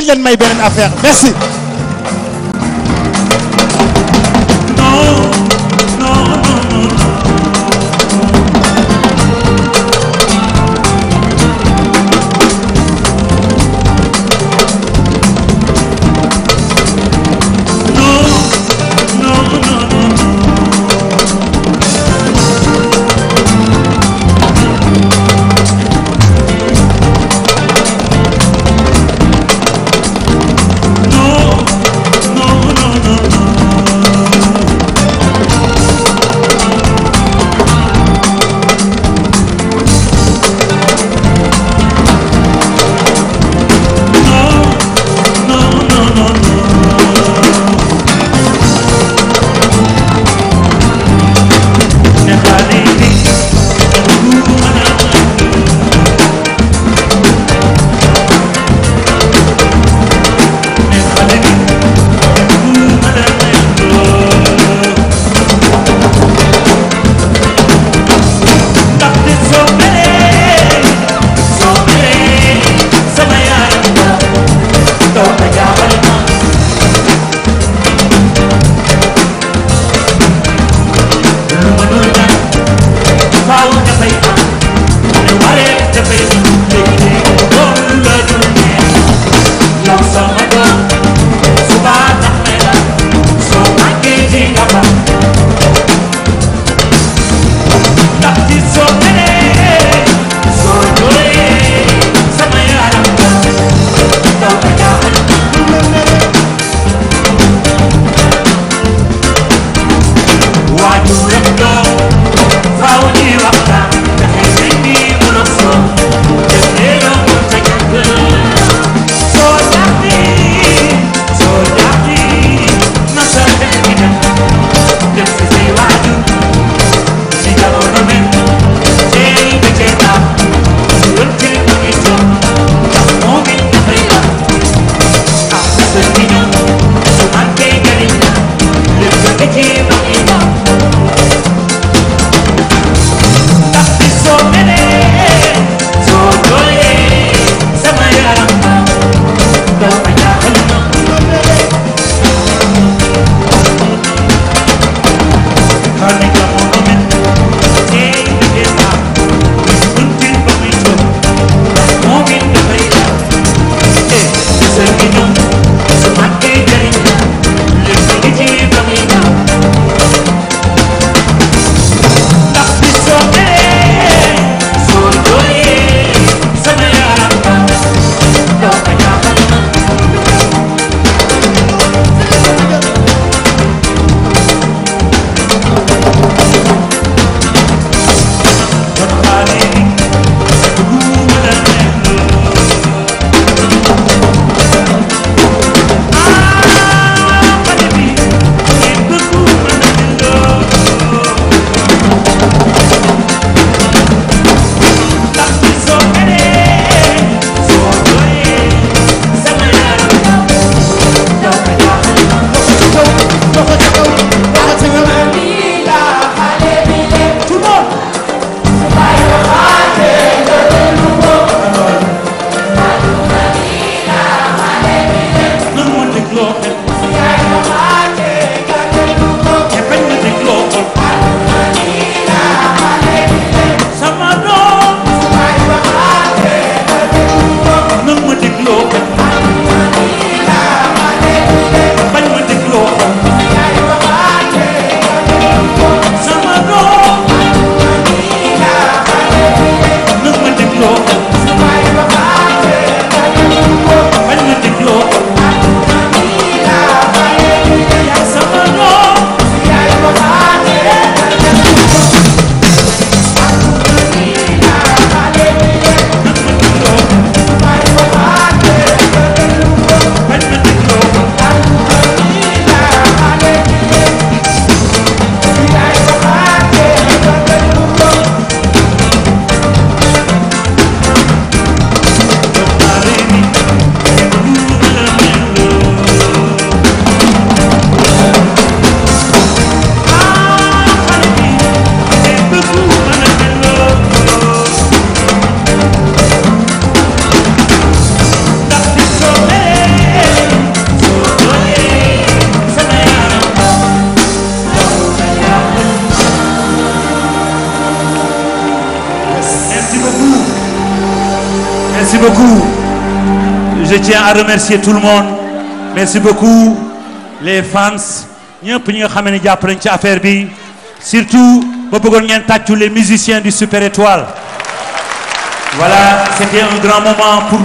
dinañ leen may beneen affaire merci Merci beaucoup. Je tiens à remercier tout le monde. Merci beaucoup les fans ñëpp ñi nga xam ne jàpp nañ ci affaire bi surtout ba bëggoon ngeen tàccu les musiciens du Super Étoile. Voilà, c'était un grand moment pour